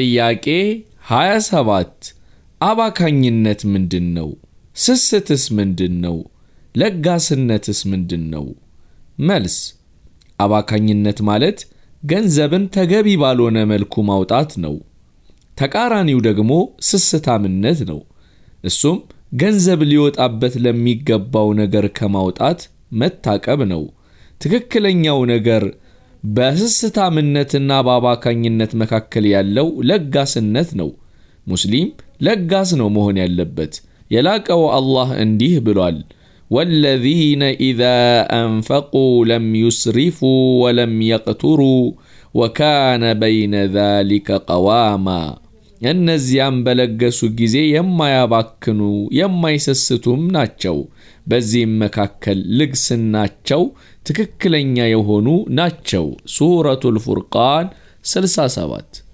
ጥያቄ 27 አባካኝነት ምንድን ነው? ስስትስ ምንድን ነው? ለጋስነትስ ምንድን ነው? መልስ አባካኝነት ማለት ገንዘብን ተገቢ ባልሆነ መልኩ ማውጣት ነው። ተቃራኒው ደግሞ ስስታምነት ነው። እሱም ገንዘብ ሊወጣበት ለሚገባው ነገር ከማውጣት መታቀብ ነው። ትክክለኛው ነገር በስስታምነትና በአባካኝነት መካከል ያለው ለጋስነት ነው። ሙስሊም ለጋስ ነው መሆን ያለበት። የላቀው አላህ እንዲህ ብሏል፣ ወለዚነ ኢዛ አንፈቁ ለም ዩስሪፉ ወለም የቅቱሩ ወካነ በይነ ዛሊከ ቀዋማ እነዚያም በለገሱ ጊዜ የማያባክኑ የማይሰስቱም ናቸው። በዚህም መካከል ልግስናቸው ትክክለኛ የሆኑ ናቸው። ሱረቱል ፉርቃን 67